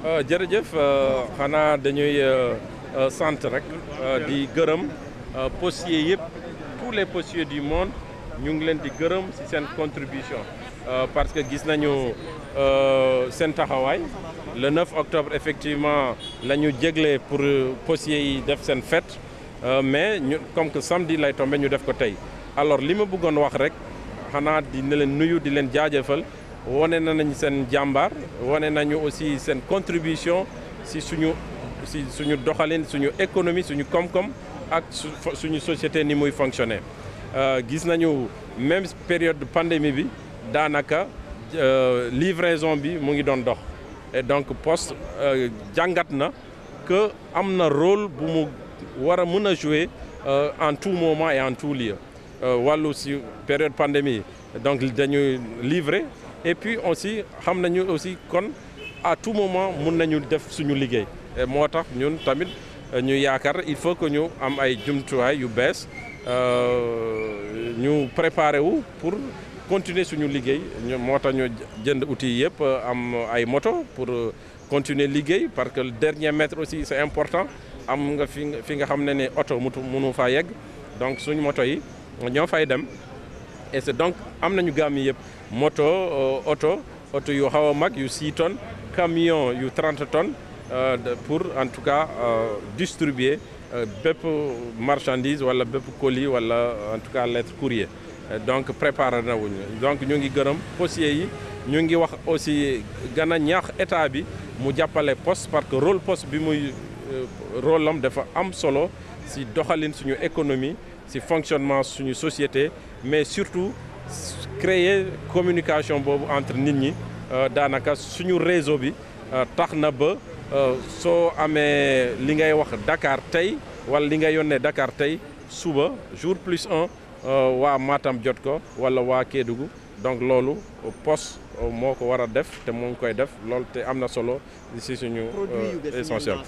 Euh, jërëjëf euh, xanaa dañuy euh, sant rek di gërëm postiers yëpp tous les postiers du monde ñu ngi leen di gërëm ci seen contribution parce que gis nañu seen taxawaay le 9 octobre effectivement la ñu pour postiers yi def seen fête mais ñu comme que samedi lay tombé ñu def ko tey alors li ma bëggoon wax rek xanaa di ne leen nuyu di leen jaajëfal wane nañ seen jambar, wane nañu aussi une contribution si suñu si suñu doxalin suñu économie suñu nous koom ak suñu société ni muy fonctionner euh, gis nañu même période de pandémie bi euh, livraison bi mu ngi dox et donc poste euh, jàngat que amna rôle bu mu wara meuna jouer euh, jouer en tout moment et en tout lieu euh, walu si période pandémie donc dañu livrer et puis aussi xam nañu aussi kon à tout moment mun nañu def suñu liggéey moo tax ñun tamit euh, ñu yaakaar il faut que ñu am ay jumtuwaay yu bees euh, ñu préparer wu pour continuer suñu liggéey moo tax ñu jënd outil yëpp euh, am ay moto pour continuer liggéey parce que le dernier mètre aussi c'est important am nga fi nga xam ne ne oto mutu munu faa yegg donc suñu moto yi ñoo fay dem et c'est donc am nañu gamme moto euh, auto, auto yu xaw a mag yu 6 tonnes camion yu 30 tonnes euh, pour en tout cas euh, distribuer bépp marchandise wala bépp colis wala en tout cas lettre courrier donc préparé na wuñu donc ñu ngi gërëm postier yi ñu ngi wax aussi gën ñaax état bi mu jappalé poste parce que rôle poste bi muy rôle am dafa am solo si doxalin suñu économie ci fonctionnement suñu société mais surtout créer communication boobu entre nit ñi euh, daanaka suñu réseau bi euh, tax na ba euh, so amé li ngay wax Dakar tay wala li ngay yónnee Dakar tay suba jour plus un wa Matam jot ko wala wa Kédougou donc au poste euh, moo ko war def te mo ngi koy def loolu te amna solo si suñu euh, essentiel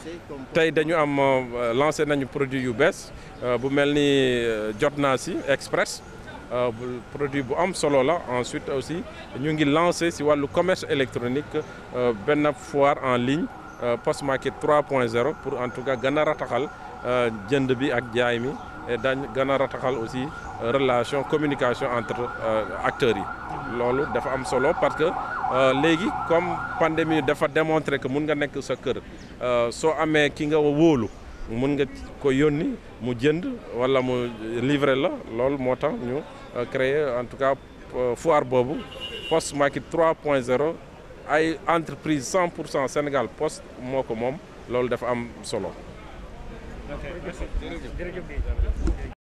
tay dañu am euh, lancer nañu produit yu bees bu melni ni jot si express produit bu am solo la ensuite aussi ñu ngi lancer si walu commerce électronique benn foire en ligne post market 3.0 pour en tout cas gën a rataxal jënd bi ak jaay mi et gëna rataxal aussi euh, relation communication entre euh, acteurs yi loolu dafa am solo parce que euh, léegi comme pandémie dafa démontrer que mun nga nekk sa kër soo amee ki nga wóolu mun nga ko yónni mu jënd wala mu livrer la loolu moo tax ñu créer en tout cas foire boobu Post Market 3.0 ay entreprise 100 pour cent Sénégal Post moo ko moom loolu dafa am solo ok merci jërëjëf